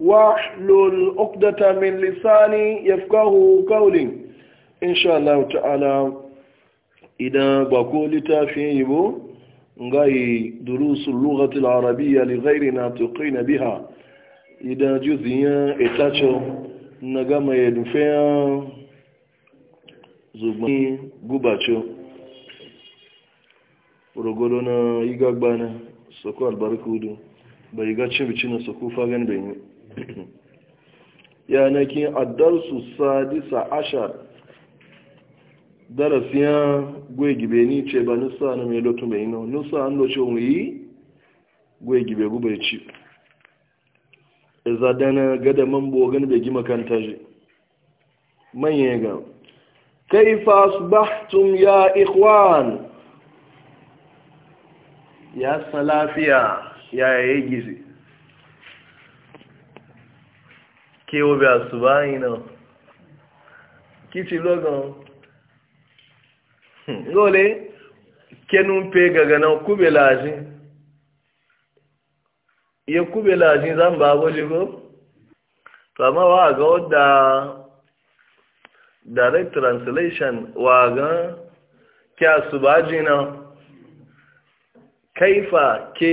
واحلل عقدة من لساني يفقه قولي إن شاء الله تعالى إذا بقول تافيه غاي دروس اللغة العربية لغير ناطقين بها إذا جزيا إتاتشو نغاما يدفيا زبني غباتشو رغولونا يغاقبانا سوكو البركودو bai ga سوكو bici بيني yanakin addarsu sadisa ashar gwai gwegibe ni ce ba nusa na mai lotu mai ino nusa an loce mu yi gwegibe gubai ci zadana gada man bogan da gima kan taje manye ga kaifa asbahtum ya ikhwan ya salafiya ya yayi gizi kí kéwò bí àṣùbá yìí náà kí ti lọ́gàn lóòlé hmm, kẹnu ń pe gàgànà kúbẹ̀ láàájí iye kúbè láàájí zamba abójúkó tàmá wà ga ó da direct translation wà gan kí àṣùbá jì náà kaifa ke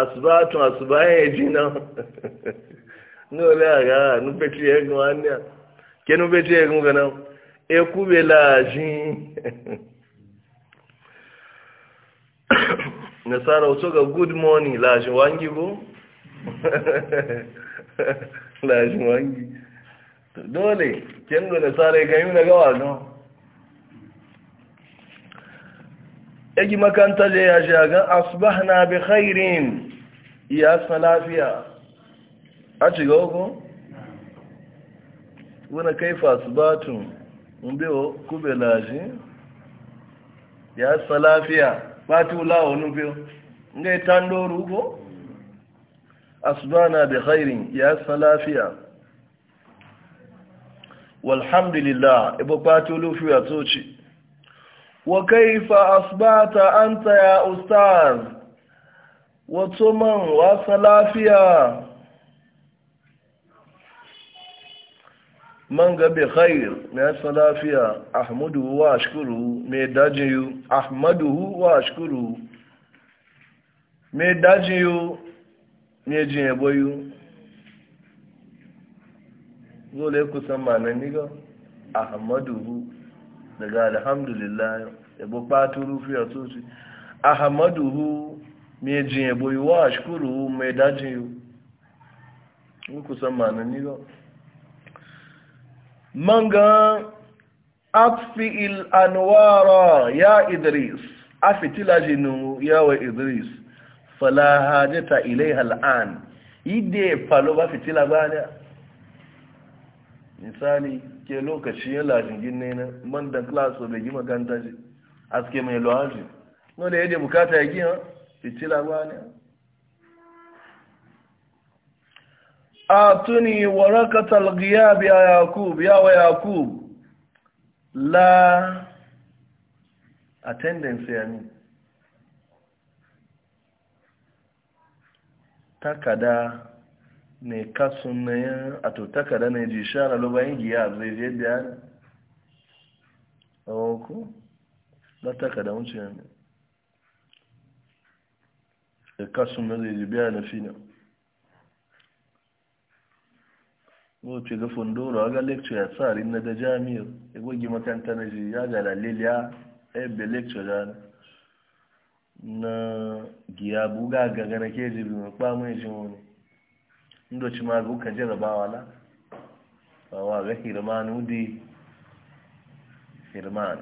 asbatun asbayan jina n'ole aga nupeti egun anya ke nupeti egun gana ekubela shi nasara osoga good morning lashi wangi ko lashi wangi dole kengo nasara ya gami na gawa no egi makanta je ya aga asbahna bi khairin iya salafiya a shiga uku? wani kaifa kai fasibatun mbewa kube laji ya sa lafiya bati wulawa nufi ngai tandoro uku? asibana da khairin ya sa lafiya walhamdulillah ibo bati wulufi ya toci wa kaifa asibata anta ya ustaz wato man wasa lafiya man gabe khair mai yasa lafiya ahmadu wa ashkuru mai dajin yu ahmadu wa ashkuru mai dajin yu mai jin yabo yu dole ku san manan niga ahmadu daga alhamdulillah yabo faturu fiye soci ahmadu mai jin yabo yiwu, wa ashkuru mai dajin yu ku san manan niga manga atfi il anwara ya idris afitila jinu yawa idris fala hajata ilaiha al'an ide falo ba fitila misali ke lokaci ya lajingin ne na man da bai gi maganta ji aske mai lohaji no bukata ya gina fitila fitila ne. آتني ورقة الغياب يا يعقوب يا ويعقوب لا attendance يعني takada ne kasun na takada ne ji shara lubayin giya zai je da yana a na takada wuce biya na wace ga fundoro ga lecture ya tsari na da jami'ar ya gogi makanta na ji ya ga laliliya ebe lecture da na giya buga ga gana ke ji bi makpa mai shi wani ndo ci ma ga kan jarabawa la bawa ga hirmanu di hirman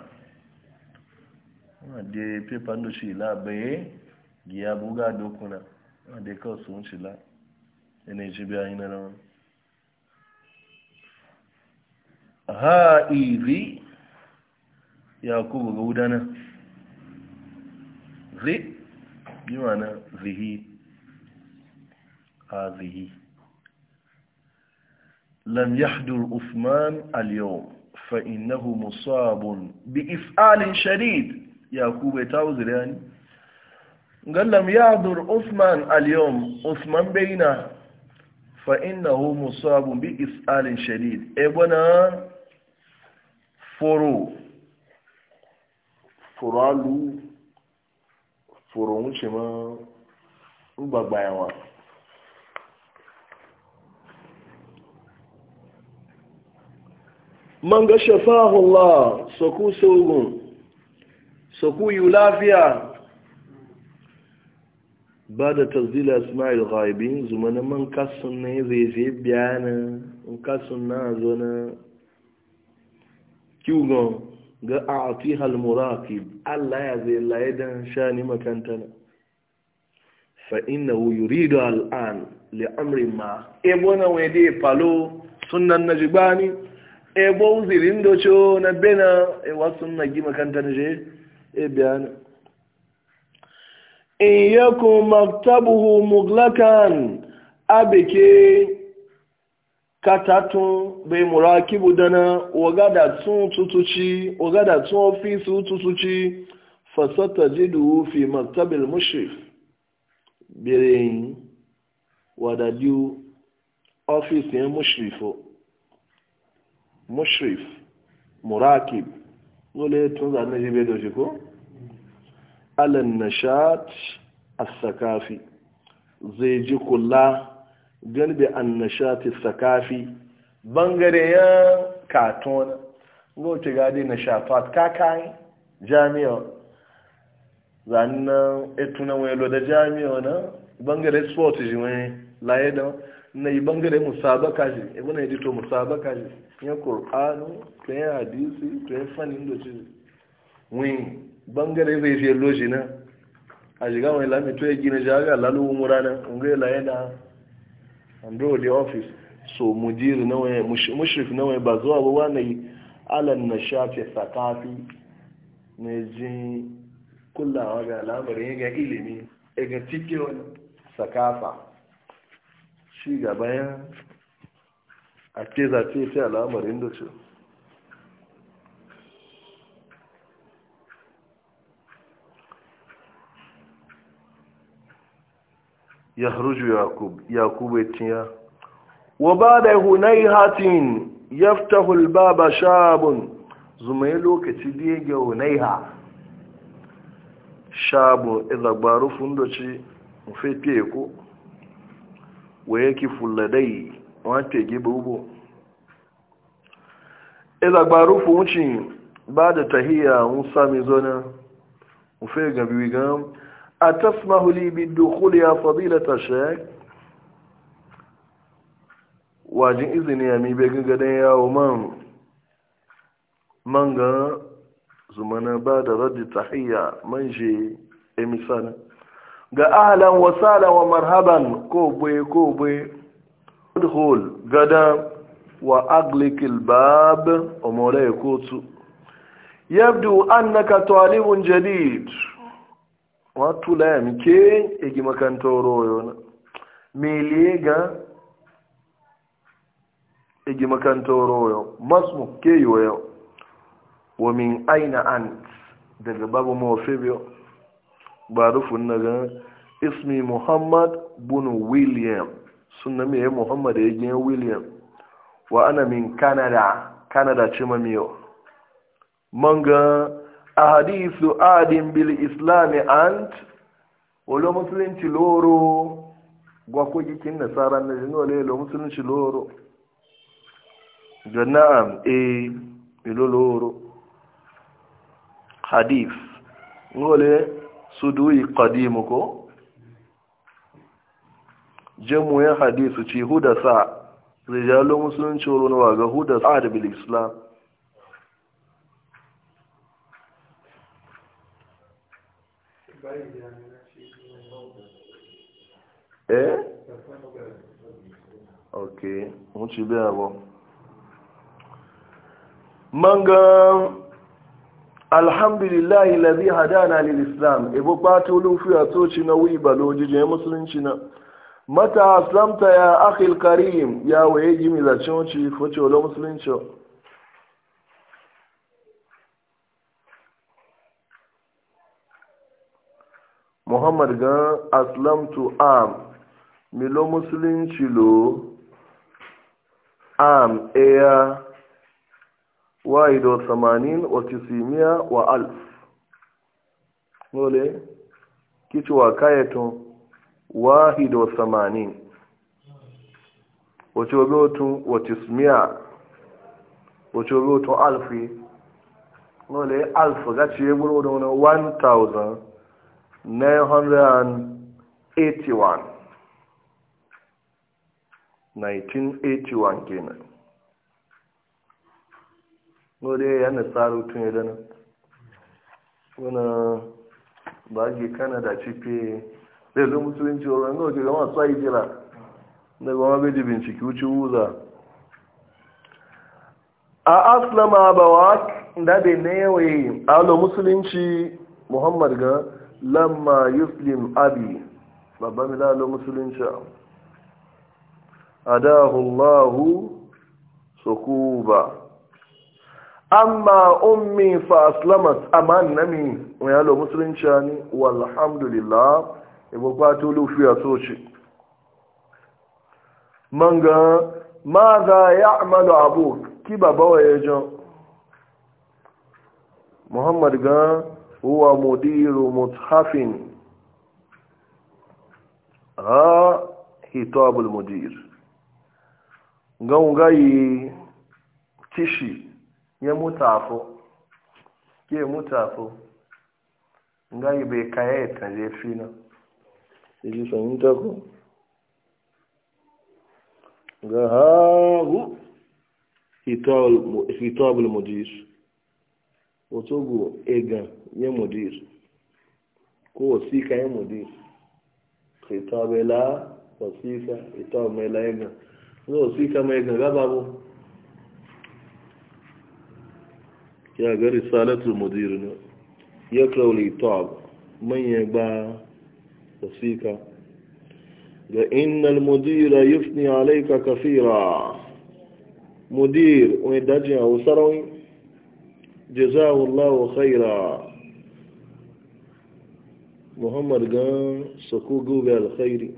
wadda pepa ndo ci la baye giya buga dokuna wadda kawai sun shi la yanayi ci biya yi na wani ha'izi yakubu ga wudana zi yi mana zihi hazihi lam yahdur usman al-yawm fa innahu musabun bi if'alin shadid yakubu ta uzuri yani قال لم يعذر عثمان اليوم عثمان بينا فإنه مصاب بإسآل شديد ابنا foro foro alu foro ń ṣe mọ́ ń gbàgbà ẹ̀wọ̀n man ga shafahullah soku sogun soku yi lafiya ba da tasdila ismail ghaibin zuma na man kasun ne zai zai biya na in kasun na zo na kiwon ga a atihal muraqib Allah ya zai laye dan shani makanta na fa innahu yuridu al'an li amri ma E! ebo na wede palo sunnan najibani ebo do docho na bena e Wa na gi makanta je e bayana in yakum maktabuhu muglakan abike katatun bai murakibu dana wagada tun tutuci wagada tun ofisi tutuci fasata jidu fi maktabil mushrif birin wadadiu ofisi yin mushrifo mushrif murakib wale tun zane jibe da shi ko alan nashat as-sakafi zai ji kula galbe annashati sakafi bangare ya katona gote gadi na shafat kakai jami'a zannan etuna wani da jami'a na bangare sport ji wani laye da na yi bangare musabaka ji ebe na edito musabaka ji ya kur'anu to ya hadisi to ya fani da ci wani bangare zai fiye loji na a shiga wani lamito ya gina jaga lalu umurana ungwe laye da ando the office so mudir nawa mushrif nawa ba zuwa ba wani alan na shafe sakafi na ji kullawa ga labarin ga ilimi ga cikin sakafa shi gaba ya a ce zace ce da ya haruju yakub yakub ya tiya wa ba da hunai hatin ya ftahul baba shabun zumai lokaci da ya hunai ha shabun izagbaru fundoci fefe ko wa yake fuladai wata gibe ubo izagbaru funcin ba da tahiya musa sami zona ufe gabi gan أتسمح لي بالدخول يا فضيلة الشيخ واجن إذن يا مي بيقن قدن يا ومن من قرن زمنا بعد رد تحية من جي إمسان قا أهلا وسهلا ومرحبا كوبوي كوبوي ادخل غدا وأغلق الباب أموري كوتو يبدو أنك طالب جديد watu la mke egi makantoro yona meliga egi makantoro yo masmu ke yo wa min aina ant daga babu mawafibyo rufu rufin naga ismi muhammad bin william sunna me muhammad ya e william wa ana min canada canada ce manga ahadisu adin bil islami ant wolo musulunci loro gwa kin nasara na jinole lo musulunci loro gana'am e ilo loro hadis ngole suduyi qadimu ko jamu ya hadisu ci huda hudasa rijalun musulunci loro na waga sa da bil islam Eh? eh okay mun ci biya ba manga alhamdulillahi lazi hadana lil islam ibo patu lufi atoci na wiba lojije musulunci na mata aslamta ya akhil karim ya weji jimi za chonchi focho lo musulunci muhammad gan aslamtu am milo musulunci lo am eya waido 80 samanin tisimiya wa alf nole wa kayatun wahido 80 wace obi otun wa tisimiya obi otun alfi nole alf gaci ya gburu da 1000 981 1981 kenan wadda ya wani ba ke kanada cipe zai zo musulunci wurin ga wajen gama tsayi jira daga wani gaji binciki wuce wuza a aslama ba wa na yawai alo musulunci muhammad ga lamma yuslim abi babban milalo musulunci adahullahu sukuba amma ummi fa aslamat aman nami milalo musulunci ni walhamdulillah ibo kwato lufiya soci manga maza ya amalu abu ki babawa ya jan Muhammadu gan huwa mudiru muthafin ha hitabul mudir gaungayi tishi ya mutafo ke mutafo ngayi bai kaya ta jefi na iji fahimta ko ga hagu hitabul mudir wato go egan ya mudir ko wasika ya mudir ita mai la wasika ita mai la ya gan wasika mai gan gaba bu ya ga risalatul mudir ne ya kauli tab manya ba wasika ga innal mudira yufni alayka kathira mudir wani dajin a wasarawin jazahu allahu khaira muhammad gan sako gobe alkhairi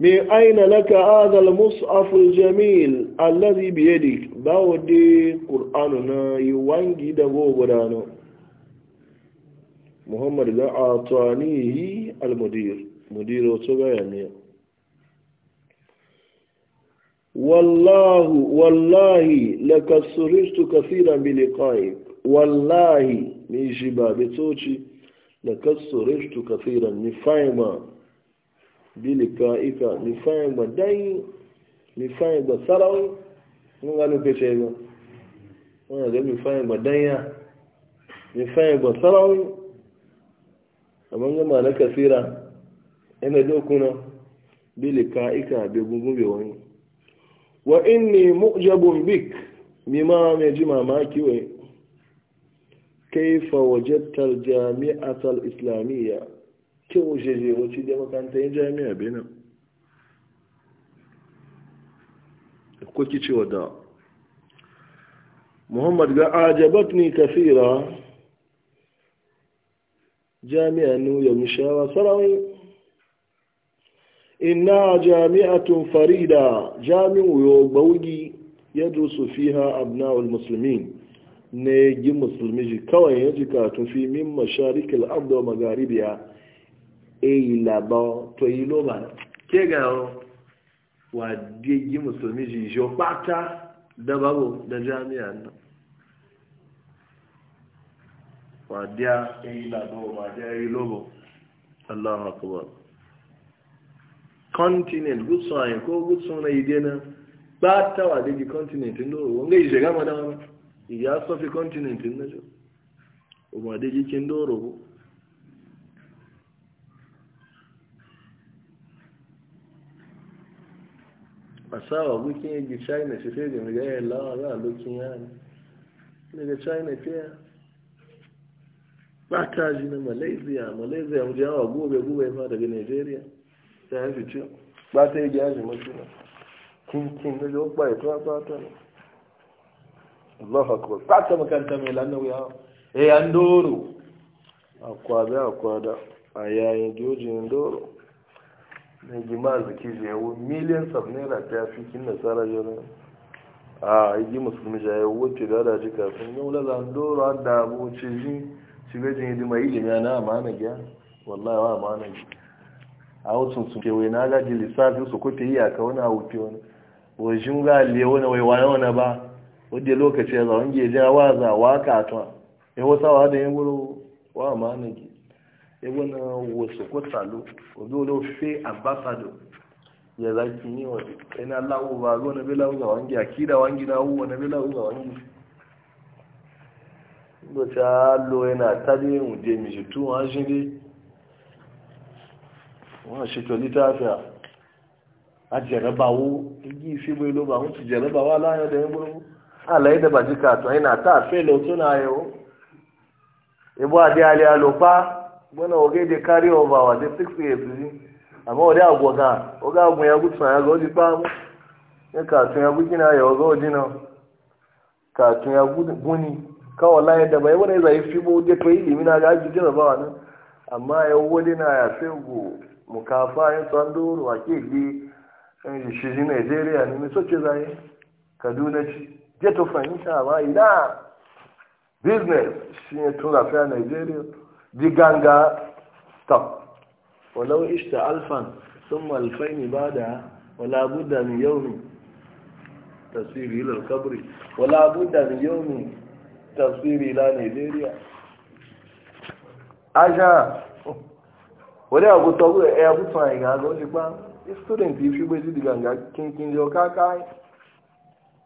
min aina laka hadha al-mus'af al-jamil alladhi bi yadik bawo de qur'anu na yiwangi da gogurano muhammad ga atanihi al-mudir mudir to ga yami wallahu wallahi lakasristu kaseeran bi liqa'i wallahi ni shi ba bitoci da kasurishtu kafiran ni fahima bilika ika ni fahima dai ni fahima sarau mun gano kace ba wannan da ni fahima danya ni fahima sarawai amma ga mana kasira ina dokuna bilika ika be gungube wani wa inni mu'jabun bik mima mai ji mamaki wai كيف وجدت الجامعة الإسلامية كيف وجدت وجدت مكانتين جامعة بينا كوكي تشودا محمد قال أعجبتني كثيرا جامعة نوية مشاوى سراوي إنها جامعة فريدة جامع يوبوجي يدرس فيها أبناء المسلمين ne gi musulmi ji kawai ya ji katun fi min masharik al'abda wa magaribiya e yi laba to yi loba ke ga wa de gi musulmi ji jo pata da babu da jami'a nan wa ya e yi laba wa dia e yi lobo Allahu akbar continent good sign ko good sign na idena pata wa de gi continent ndo wonga ije ga madama ya sofi continentin na jo umar da jikin doro ko asawa bukin yagi china shi sai da riga ya lawa za a lokin yana daga china fiya ba ta ji na malaysia malaysia mu jawa gobe gobe ma daga nigeria ta yi fice ba ta yi gyaji masu na kinkin na jo ba ya tuwa ba ta ne Allahu akbar sata makanta mai lannan ya eh an doro a kwada. a yayin jojin doro na gima ziki jayewo miliyan sab naira ta fi kin tsara jana a yi musulmi jayewo wacce da da jika sun yau lala an doro an da abu ce ji shiga jin hidima ilimi na amana gya wallahi wa amana gya a wasu sun kewaye na gaji lissafin su kuke yi a kauna a wuce wani wajen ga lewa na wani wani ba wadda lokaci ya zawon geja wa za wa katwa ya wasa wa da ya wuro wa ma maniki ya wani wasu kwatsalo wadda fe ambasado ya zaki yi wa ina lawo ba ruwa na bela uza wangi akida wangi na huwa na bela uza wangi lokaci allo yana tabi wuje mi shi tun wa shi ne wọn ṣe tó lítàfíà a jẹ̀rẹ̀bàwó igi ìfimú ilé ọba àwọn ti jẹ̀rẹ̀bàwó aláyọ̀dẹ̀ ń gbọ́rọ̀ alayi da baji kato ina ta fele tuna yau ibu adi ali alopa bana oge de carry over wa de six years ji amma odi agwoga oga agun ya gutun ya go di pa mu ne kato ya guji na ya ogo odina kato ya guni kawo layi da bai wani zai fi bo de to ilimi na gaji jira ba wani amma ya wodi na ya sai go mukafa yin tsandoro a ke gbe shi ji nigeria ne mai soke zai kaduna ci je to fahimta ba ina business shi ne tun rafi nigeria di ganga stop walau ishta alfan sun malfai ne ba da wala buddha min yaumi tasiri ilar kabri wala buddha min yaumi tasiri la nigeria aja wọ́n yà kó tọ́gbọ́ ẹ̀ ẹ̀ kó tán ìgbà lọ́sí pa student yìí fi gbé sí di ganga kínkín lọ káàkáà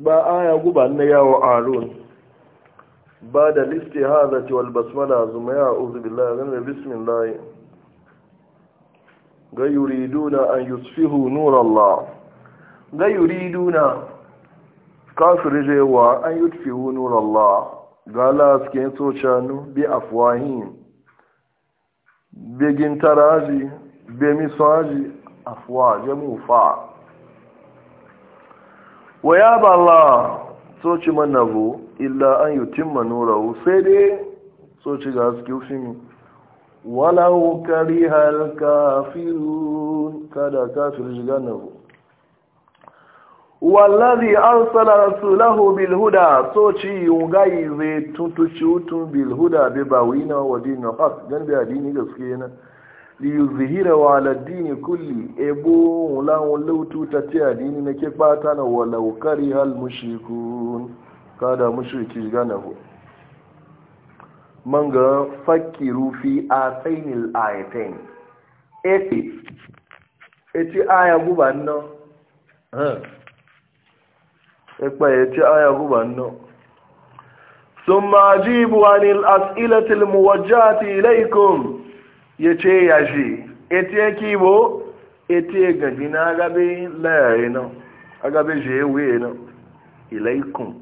ba aya guba na yawo arun ba da listi haza ce walbasmala zuma ya uzu billahi da bismillah ga duna, an nura nurallah ga yuriduna kafir jewa an yusfihu nurallah ga laskin socanu bi afuwahin begin taraji be misaji afuwa jamu fa wa ya ba Allah soci manabu illa an yutimma nurahu sai dai soci ga haske Wala walau karihal kafirun kada kafir shiga nabu wallazi arsala rasulahu bil huda soci yi, zai tuntuci hutun bil huda bi bawina wa dinil da adini gaske na liyuzhira wa aladdini kulli ebo wulawun lautu ta ce adini na ke ta na wala kari hal mushrikun kada mushriki gana ku man ga fakiru fi a tsainil ayatain eti eti aya guba nno ekpa eti aya guba nno summa أجيبوا anil الأسئلة الموجهة إليكم ya ce ya shi ete kibo ete gaji na agabe layari na agabe shi ewe na ilaikun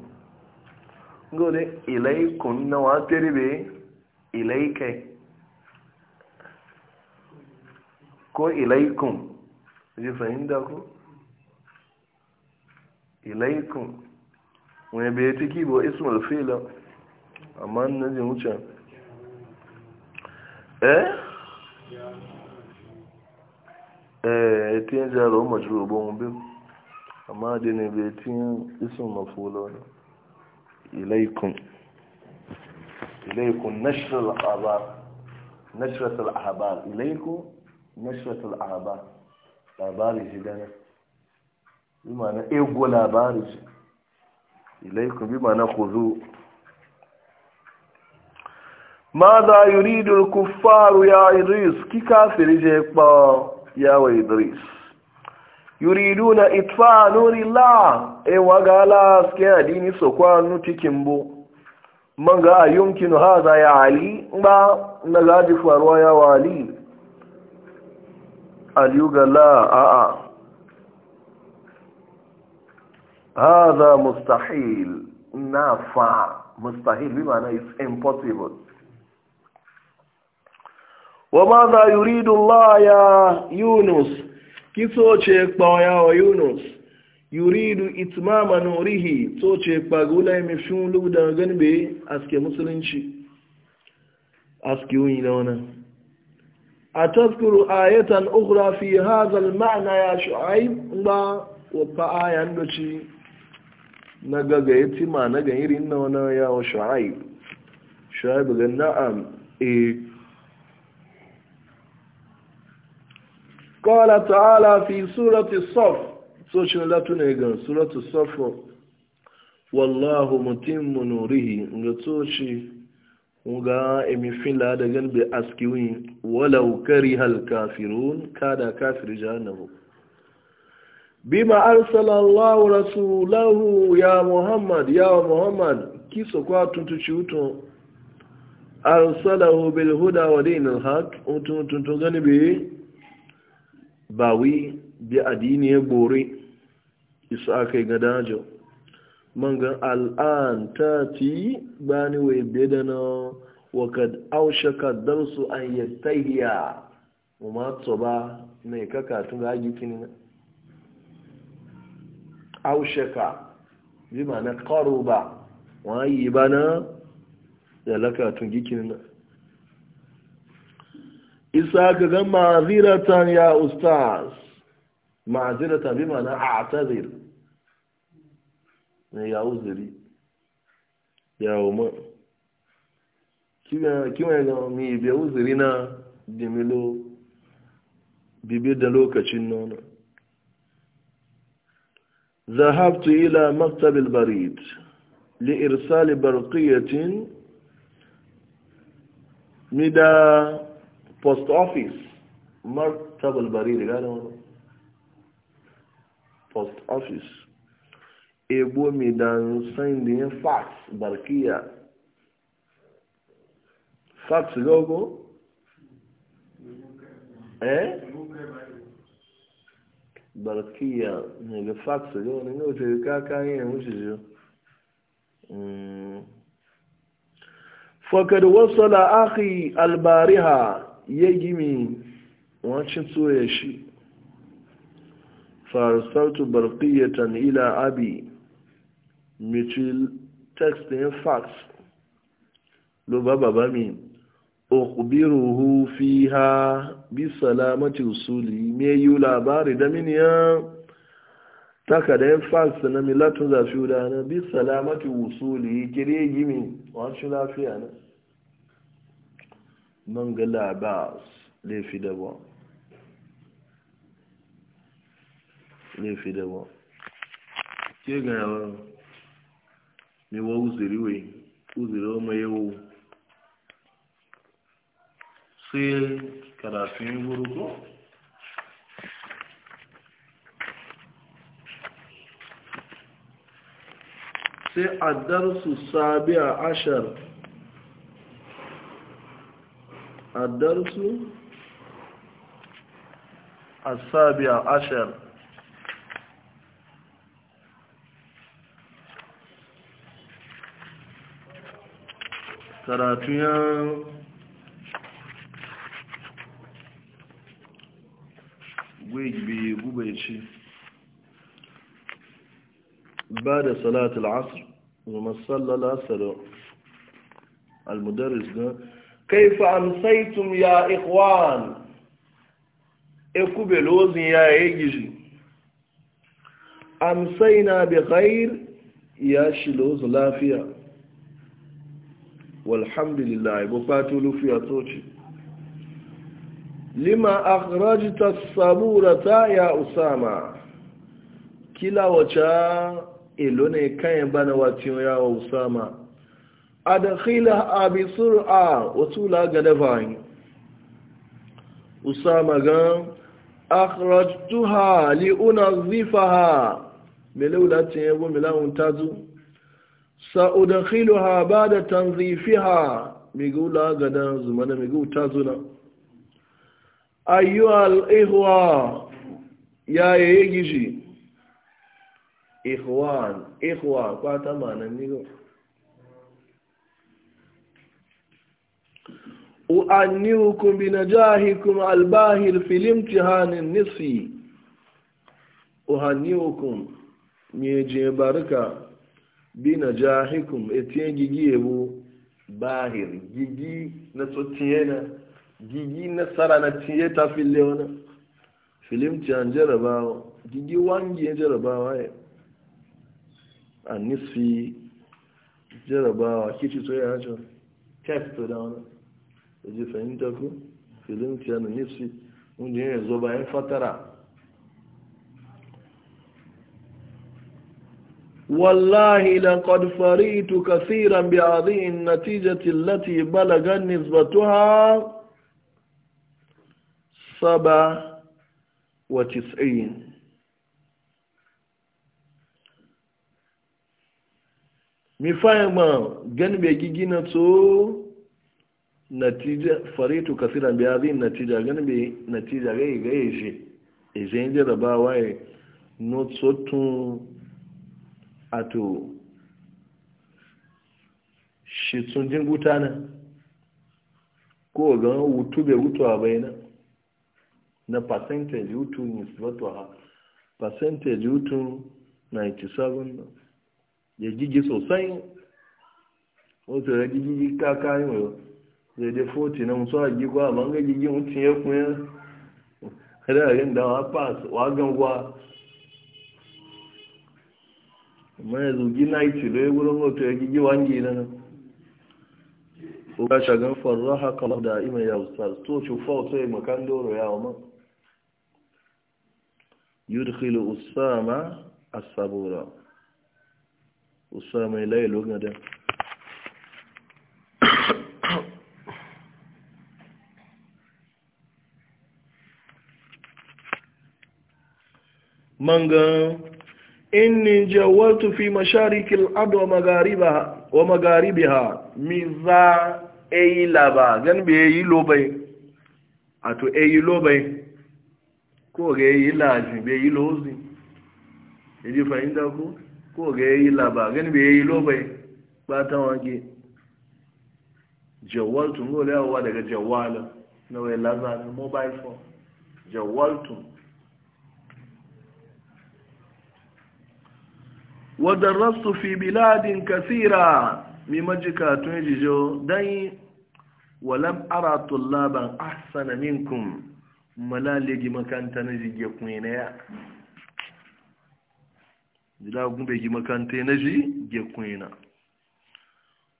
gole ilaikun na wa teribe ilaikai ko ilaikun ji fahimta ko ilaikun wani bai ti kibo ismail fila amma na jin wuce eh eh tinye jaro majuru bon bi amma da ne bai tinye isin mafulo ilaikum ilaikum nashr al-abar nashr al-ahbar ilaikum labari shi bi ma'ana ego labari shi ilaikum bi ma'ana khuzu ماذا يريد الكفار يا إدريس كي كافر جيكبا يا إدريس يريدون إطفاء نور الله إي وقالا سكي ديني سكوان نتكمبو من يمكن هذا يا علي ما نغادي فاروا يا والي aliyu ga a'a haza mustahil na fa mustahil bi ma'ana it's impossible wa ma Yunus yuridu Allah ya Yunus kiso ce kpawaya wa Yunus yuridu itmama nurihi to ce kpagula mai fiun lugudan ganbe aske musulunci aske yi na a taskuru ayatan ukura fi hazal ma'ana ya shu'aib ba wafa ayan ndochi. na gaga ya tima na ga irin na ya wa shu'aib shu'aib ga na'am eh قال تعالى في سورة الصف سورة لا تنيغن سورة الصف والله متم نوره نغتوشي وغا امي فين لا دغن بي اسكيوي ولو كره الكافرون كاد كافر جهنم بما ارسل الله رسوله يا محمد يا محمد كيسو كو tuntuci wuto arsalahu bil huda wa dinil haq untun tuntun ba wi bi adini ya bori isu aka ga dajo mangan al'an ta ti bani wai na wa kad aushaka su an yastahiya kuma tsoba mai kaka tun ga aushe aushaka bi ma na karo ba wani yi bana da laka tun na. isa ka ga ma'aziratan ya ustaz ma'aziratan bi mana a tazir ne ya uzuri ya umar kima ya gama mi biya uzuri na dimilo bibi da lokacin nuna zahabtu ila maktabil barid li irsali barqiyatin mida post office martabal bariri gane wani post office ebo mi dan sendin fax barkiya fax gogo eh barkiya ne ga fax gogo ne ga wuce kakan yin wuce jiyo فقد وصل أخي البارحة ya gimi wancin tsoye shi farisautu barkiyatan ila abi mitchell text in fax ló bá bàbá mi hu fi ha bi salamati usuli me yi labari da miniya takardar fax na milatun zafi na bi salamati usuli kire gimi wancin lafiya na man ga labas laifi daba laifi daba ke ga yawa ne wa uziri wai uziri wa mai yawo sai karafin gurugu sai a darsu sabi a ashar الدرس السابع عشر تراتيا ويجبي بوبيشي بعد صلاة العصر وما صلى الأسر المدرس ده كيف أمسيتم يا إخوان إكوبي لوزن يا إيجي أمسينا بخير يا شلوز لافيا والحمد لله بفاتو لفيا توشي لما أخرجت الصبورة يا أسامة كلا وشا إلوني كاين بنا واتيو يا أسامة adakhilaha bi sur'a wa tula gadaban usama ga akhrajtuha li unzifaha melula tiyabo mila tazu sa udkhiluha ba'da tanzifiha migula gadan zumana migu tazuna al ihwa ya yayi ihwan ihwa kwata manan migu u'anniukum binajahikum albahir fil imtihanin nisfi u'anniukum miyeje barka binajahikum etie gigi ebu bahir gigi na so tiyena gigi na na tiye ta fil leona fil imtihan jarabawo gigi wangi jarabawo ay an nisfi jarabawo kici so ya jo test da wannan ji fahimta ku filimtiya na nifsi wanda ya zo bayan fatara wallahi laqad faritu kathiran bihadhihi natijati allati balaga nisbatuha saba wa tis'in mi fayma natija faritu kasiran bi hadhihi natija ganin bi natija gai gai shi eje inje da ba waye not so tun ato shi tun jin gutana ko ga wutu be wutu a bayana na percentage wutu nisbatu ha percentage wutu 97 ya jiji sosai wato ya jiji kakayin wayo zai dai foti na musu a gigwa a gigi mutum ya kunya kada a yin dawa gwa amma ya zugi na yi ya wurin wato ya gigi wangi na ka shagan farra haka da ima ya ustaz to ci ya makan ya usama usama manga inni jawaltu fi mashariki al-ard wa magharibiha wa magharibiha miza aylaba gan be yi lobai ato eyi lobai ko ga yi laji be yi lozi yaji fahimta ko ko ga yi laba gan be yi lobai ba ta wange jawaltu ngole wa daga jawala na wai lazana mobile phone jawaltu ودرست في بلاد كثيرة ممجكا تنججو داي ولم أرى طلابا أحسن منكم ملالي مكان تنجي يكوينيا jilagun bai yi makanta na ji ya kuna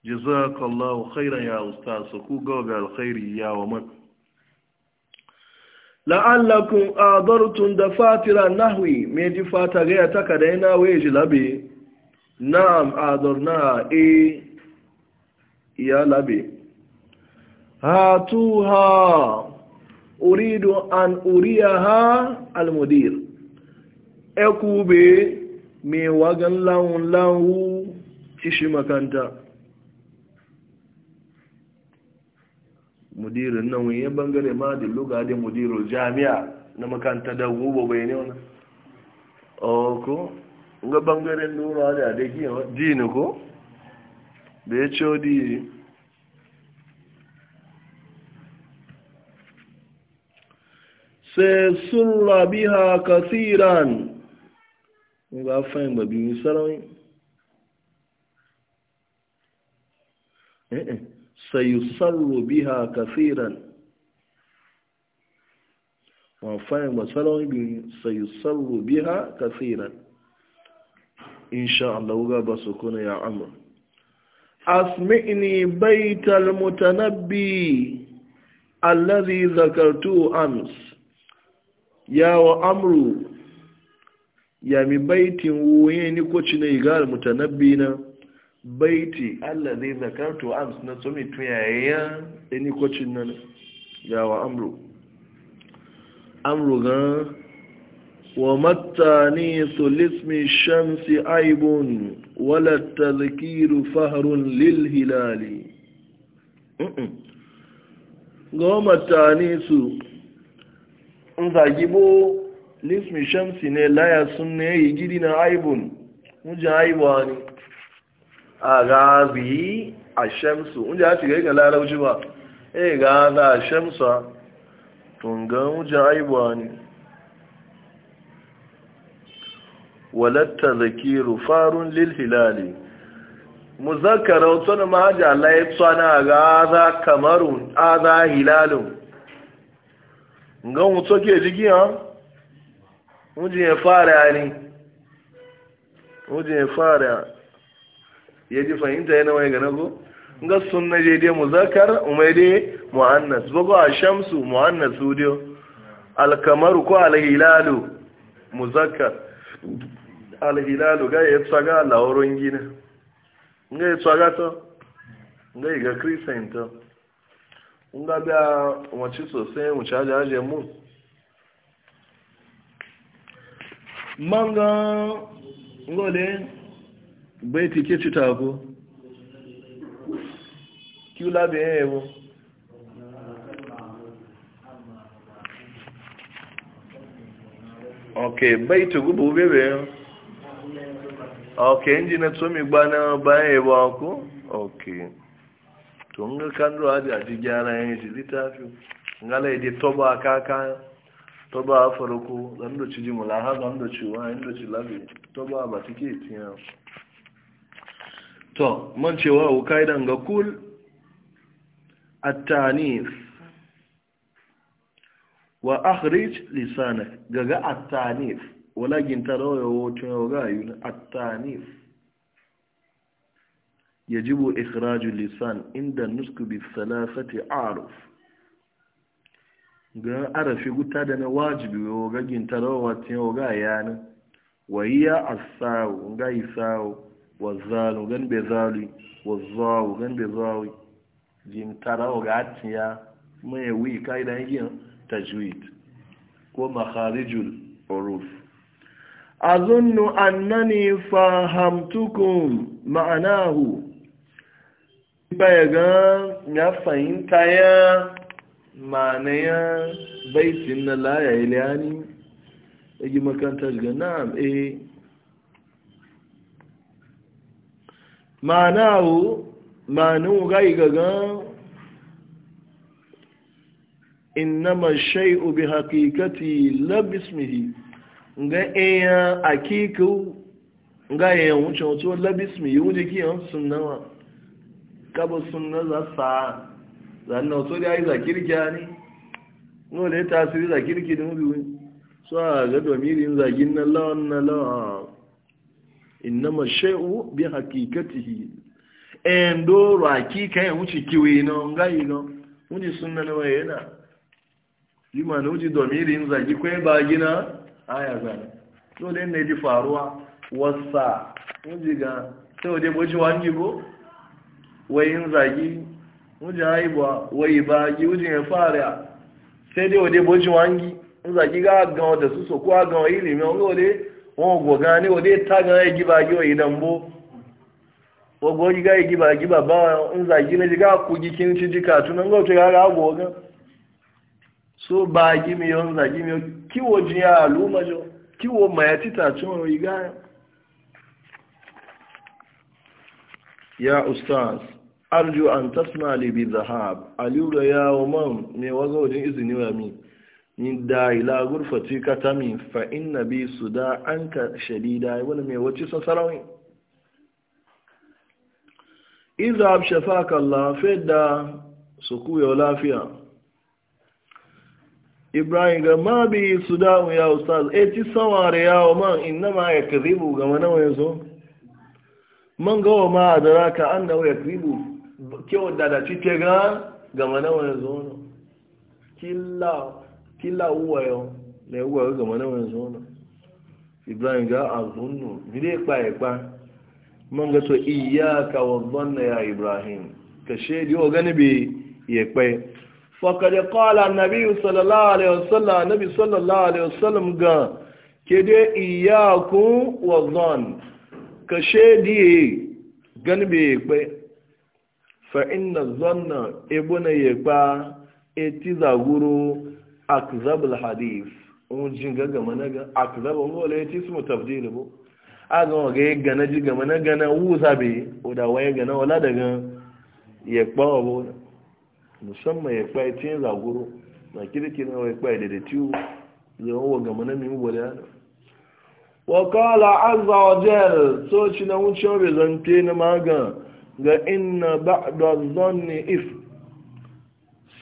jazakallahu khairan ya ustaz ku gaba alkhairi ya wa man la'allakum adartum da fatira nahwi me ji fata gaya ta na na'am adorna e ya labe hatuha uridu an ha uriyaha almudir ekube me wagan lawun lawu tishi makanta mudirin nan wani bangare ma da luga da mudirin jami'a na makanta da gubo bai ne wani oko ga bangaren lura da da dini ko da ya ce odi sai sun rabiha kasiran ga fayin babi mai sarari sai sarro biha kasiran wa fayin ba sarari sai sarro biha kasiran insha Allah ga ba su kuna ya amur asmi'ni baital mutanabbi allazi zakartu ams ya wa amru ya mi baitin wuye ni ko cine igal mutanabbi na baiti allazi zakartu ams na tsumi tuyayya ni ko cin nan ya wa amru amru ga ومتاني لاسم الشمس عيب ولا التذكير فهر للهلال غوم التانيث انزاجبو لاسم الشمس لا يسن يجدنا عيب مجا عيباني أغابي الشمس انجا تيجي لا لوجبا ايه غاذا الشمس تنغا مجا عيباني walatta zakiru farun lil hilali muzakkara wutsun mahaji Allah ya tsana ga aza kamarun aza hilalun ngan wutso ke jigi ha wujin ya fara ne wujin ya fara ya ji fahimta yana mai gane ko nga sunna je dai muzakkar umayde muannas bago ashamsu muannas udiyo alkamaru ko alhilalu muzakkar alhilalu ga ya tsaga laurin gina nga ya tsaga ta nga ga kristian ta nga biya wace sosai wuce ajajen mu manga ngole bai tike cuta ko kiula bai ok bai tugu bube bai ok ndi na tsomi gbana ya yabo ko ok to nga kando adi adi gyara yin shi litafi ngala ide toba kaka toba farko dan do ci jimula ha dan do ci wa dan do ci labi toba ba tike tiya to man cewa u ga kul at wa akhrij lisanak gaga walakin tarawo wotun yau ga yi attanif yajibu ikhrajul lisan inda nusku bi salasati aruf ga arafi guta da na wajibi yau ga gintarawo wotun yau ga yana wayiya asawu ga wa wazalu gan be zalu wazawu gan be zawi gintarawo ga atiya mai wi kai da yin tajwid ko makharijul uruf azunnu annani fahamtukum ma'anahu baya ga ya fahimta ya ma'ana ya baitin na laya iliyani egi makanta ga na'am eh ma'anahu ma'anu gai gaga innama shay'u bi haqiqati la bismihi nga eya akiku nga eya wuce wato labis mi yi wuje kiyan sunnawa kaba sunna za sa zanna wato da yi zakirki ne no da tasiri zakirki ne mu so a ga domirin zagin na lawan na lawan innama shay'u bi haqiqatihi en do hakika ya wuce kiwe no nga yi no wuje sunna na wayena na no wuje domirin zagi ko ba gina aya zan dai ne ji faruwa wasa muji ga sai waje boci wani go wayin zagi muji haibuwa wayi bagi muji ya fara sai dai waje boci wani zagi ga gan da su so ko gan ilimi wani wale wọn go gani ta gan ya giba gi wayi dambo wani gbọ́ yíká ìgbìbàgbìbà bá ń zàgí ní ṣe ká kú jí kí ń ṣe jí kàtún náà so ba gimi za gimi kiwo jiya aluma jo kiwo mayati ta yi rigaya ya ustaz arju an tasma li bi zahab aliura ya umam ne wazo wajen izini wa mi ni da ila gurfati katami fa inna bi suda anka shadida wani mai wace sasarawin shafa shafaka Allah fedda su kuyo lafiya ibrahim ga ma bi su damu ya ustaz e ti saware yawo man inna ma ya kazibu ga mana wani zo man gawa ma a dara ka an da ya kazibu kyau da da cike ga ga mana wani zo no killa killa uwa yau na uwa ga mana wani zo no ibrahim ga azunnu mi dai pa e pa man ga to iyyaka wa dhanna ya ibrahim ka shedi o gani bi ye pe fakar ya kwala nabi sallallahu alaihi wasallam nabi sallallahu alaihi wasallam ga ke de iyaku wa zan ka shedi gani bi pe fa inna zanna ibuna yaba itiza guru akzab al hadith on jinga ga managa akzab wa la yatismu tafdil bu aga ga gana jiga managa na uza bi oda waya gana wala daga ya kwa musamman ya kpai cin zaguru na kirkina ya kwaye da da tiwo zama wa gama na mimu wale yana wakala azza wa jel so ci na wucin bai zante na magan ga inna ba'da zanni if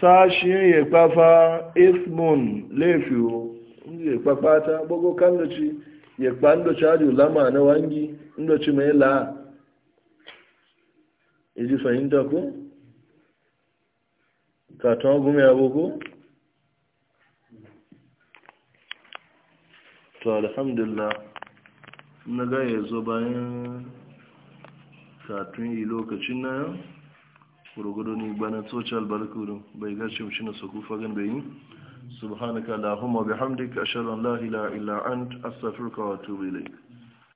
sashiyan ya kwafa ismun laifiyo ya kwafa ta bugu kan da ci ya kpa ndo chaju ulama na wangi ndoci mai la iji fahimta ko katon gumi abubu to alhamdulillah na ga zo bayan katun yi lokacin na yau gurgudu ne bana social barkudu bai gashi mashi na suku fagen bai yi subhanaka lahumma bihamdika ashhadu an la wa atubu